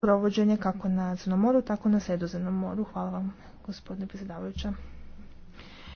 provođenje kako na Crnom moru, tako na Sredozemnom moru. Hvala vam, gospodine predsjedavajuća.